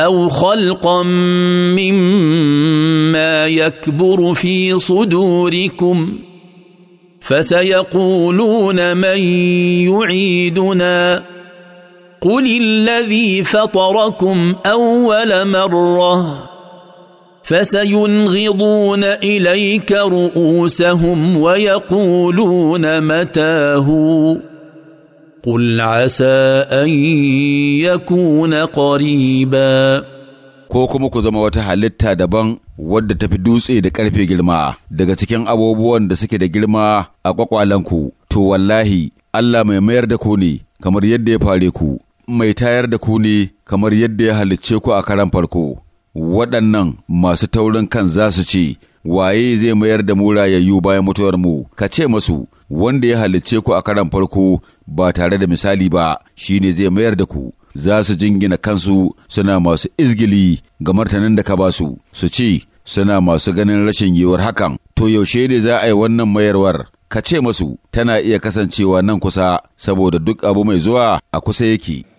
او خلقا مما يكبر في صدوركم فسيقولون من يعيدنا قل الذي فطركم اول مره فسينغضون اليك رؤوسهم ويقولون متاهوا قل عسى أن يكون قريبا ko kuma ku zama wata halitta daban wadda ta fi dutse da ƙarfe girma daga cikin abubuwan da suke da girma a ƙwaƙwalanku to wallahi Allah mai mayar da ku ne kamar yadda ya fare ku mai tayar da ku ne kamar yadda ya halicce ku a karan farko waɗannan masu taurin kan za su ce waye zai mayar da mu rayayyu bayan mutuwar mu ka ce masu wanda ya halicce ku a karan farko ba tare da misali ba shi ne zai mayar da ku za su jingina kansu suna masu izgili ga martanin da ka ba su su ce suna masu ganin rashin yiwuwar hakan to yaushe ne za a yi wannan mayarwar ka ce masu tana iya kasancewa nan kusa saboda duk abu mai zuwa a kusa yake